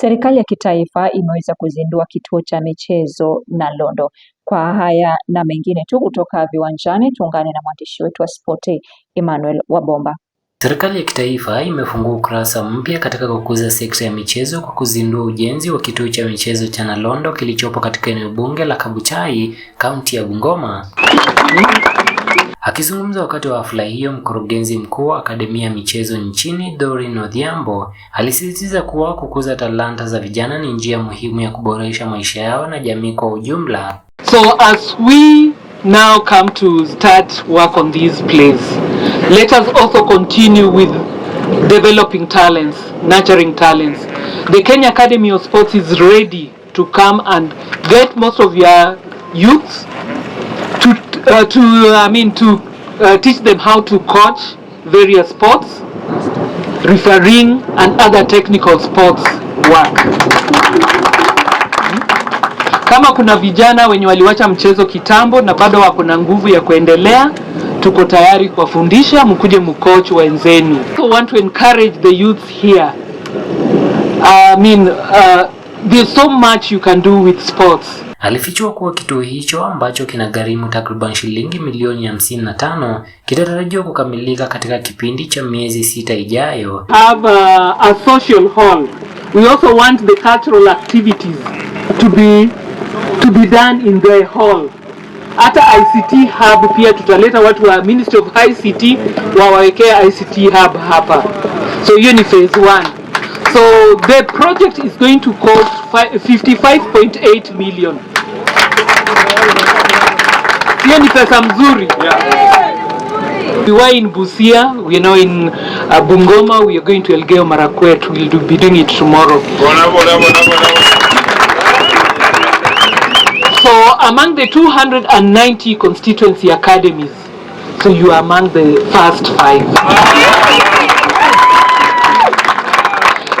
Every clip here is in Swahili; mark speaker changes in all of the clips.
Speaker 1: Serikali ya kitaifa imeweza kuzindua kituo cha michezo Nalondo. Kwa haya na mengine tu kutoka viwanjani, tuungane na mwandishi wetu wa spoti Emmanuel Wabomba.
Speaker 2: Serikali ya kitaifa imefungua ukurasa mpya katika kukuza sekta ya michezo kwa kuzindua ujenzi wa kituo cha michezo cha Nalondo kilichopo katika eneo bunge la Kabuchai, kaunti ya Bungoma. Akizungumza wakati wa hafla hiyo, mkurugenzi mkuu wa Akademia ya Michezo nchini Doreen Odhiambo alisisitiza kuwa kukuza talanta za vijana ni njia muhimu ya kuboresha maisha yao na jamii kwa ujumla.
Speaker 3: So as we now come to start work on this place, let us also continue with developing talents, nurturing talents. The Kenya Academy of Sports is ready to come and get most of your youths uh, to I mean to uh, teach them how to coach various sports refereeing and other technical sports work.
Speaker 4: Kama kuna vijana wenye waliwacha mchezo kitambo na bado wako na nguvu ya kuendelea, tuko tayari kuwafundisha, mkuje mkoach wenzenu.
Speaker 3: So want to encourage the youth here. I mean, uh, there's so much you can do with sports.
Speaker 2: Alifichua kuwa kituo hicho ambacho kinagharimu takriban shilingi milioni 55 kitatarajiwa kukamilika katika kipindi cha miezi sita ijayo.
Speaker 3: Have a, uh, a social hall. We also want the cultural activities to be to be done in the hall. Hata ICT hub pia tutaleta watu wa Ministry of ICT wawawekea ICT hub hapa. So hiyo ni phase 1. So the project is going to cost 55.8 million hiyo ni pesa mzuri We were in Busia, we are now in uh, Bungoma, we are going to Elgeyo Marakwet, we'll will be doing it tomorrow. Bona, So among the 290 constituency academies, so you are among the first five.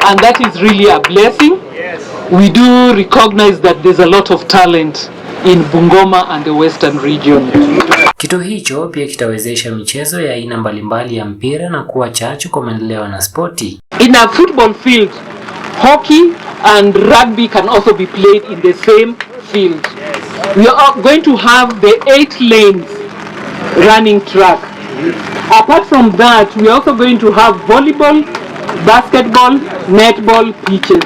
Speaker 3: And that is really a blessing. We do recognize that there's a lot of talent in Bungoma and the Western region.
Speaker 2: Kituo hicho pia kitawezesha michezo ya aina mbalimbali ya mpira na kuwa chachu kwa maendeleo na spoti.
Speaker 3: In a football field, hockey and rugby can also be played in the same field. We are going to have the eight lanes running track. Apart from that, we are also going to have volleyball, basketball, netball pitches.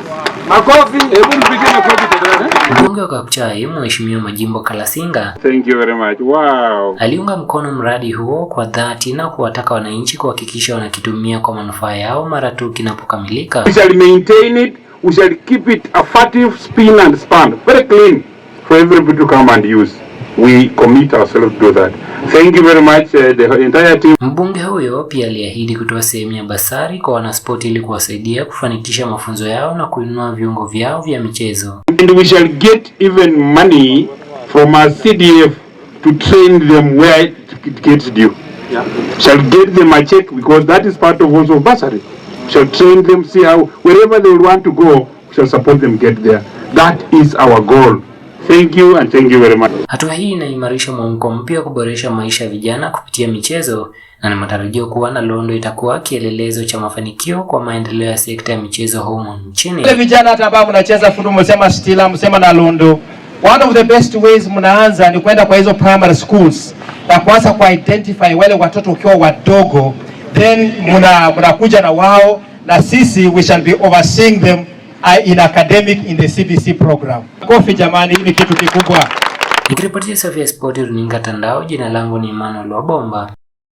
Speaker 3: Makofi, hebu
Speaker 2: mpigie makofi kwa dada. Eh? Mbunge wa Kabuchai Mheshimiwa Majimbo Kalasinga
Speaker 5: Thank you very much. Wow.
Speaker 2: Aliunga mkono mradi huo kwa dhati na kuwataka wananchi kuhakikisha wanakitumia kwa manufaa yao mara tu kinapokamilika.
Speaker 5: We shall maintain it, we shall keep it a fertile spin and span. Very clean for everybody to come and use we commit ourselves to that. Thank you very much, uh, the entire team.
Speaker 2: Mbunge huyo pia aliahidi kutoa sehemu ya basari kwa wanaspoti ili kuwasaidia kufanikisha mafunzo yao na kuinua viungo vyao vya michezo.
Speaker 5: And we shall get even money from our CDF to train them where it gets due. Yeah. Shall get them a check because that is part of also basari. Shall train them, see how wherever they want to go, shall support them get there. That is our goal. Thank you and thank you very much.
Speaker 2: Hatua hii inaimarisha mwamko mpya wa kuboresha maisha ya vijana kupitia michezo na ni matarajio kuwa Nalondo itakuwa kielelezo cha mafanikio kwa maendeleo ya sekta ya michezo humu nchini.
Speaker 6: Wale vijana hata ambao mnacheza fundu msema Stila, msema Nalondo. One of the best ways mnaanza ni kwenda kwa hizo primary schools na kuanza ku identify wale watoto ukiwa wadogo then mnakuja na wao na sisi we shall be overseeing them in academic in the CBC program. Kofi jamani, hii ni kitu kikubwa. Nikiripotia safi ya runinga Tandao, jina langu ni Emmanuel Wabomba.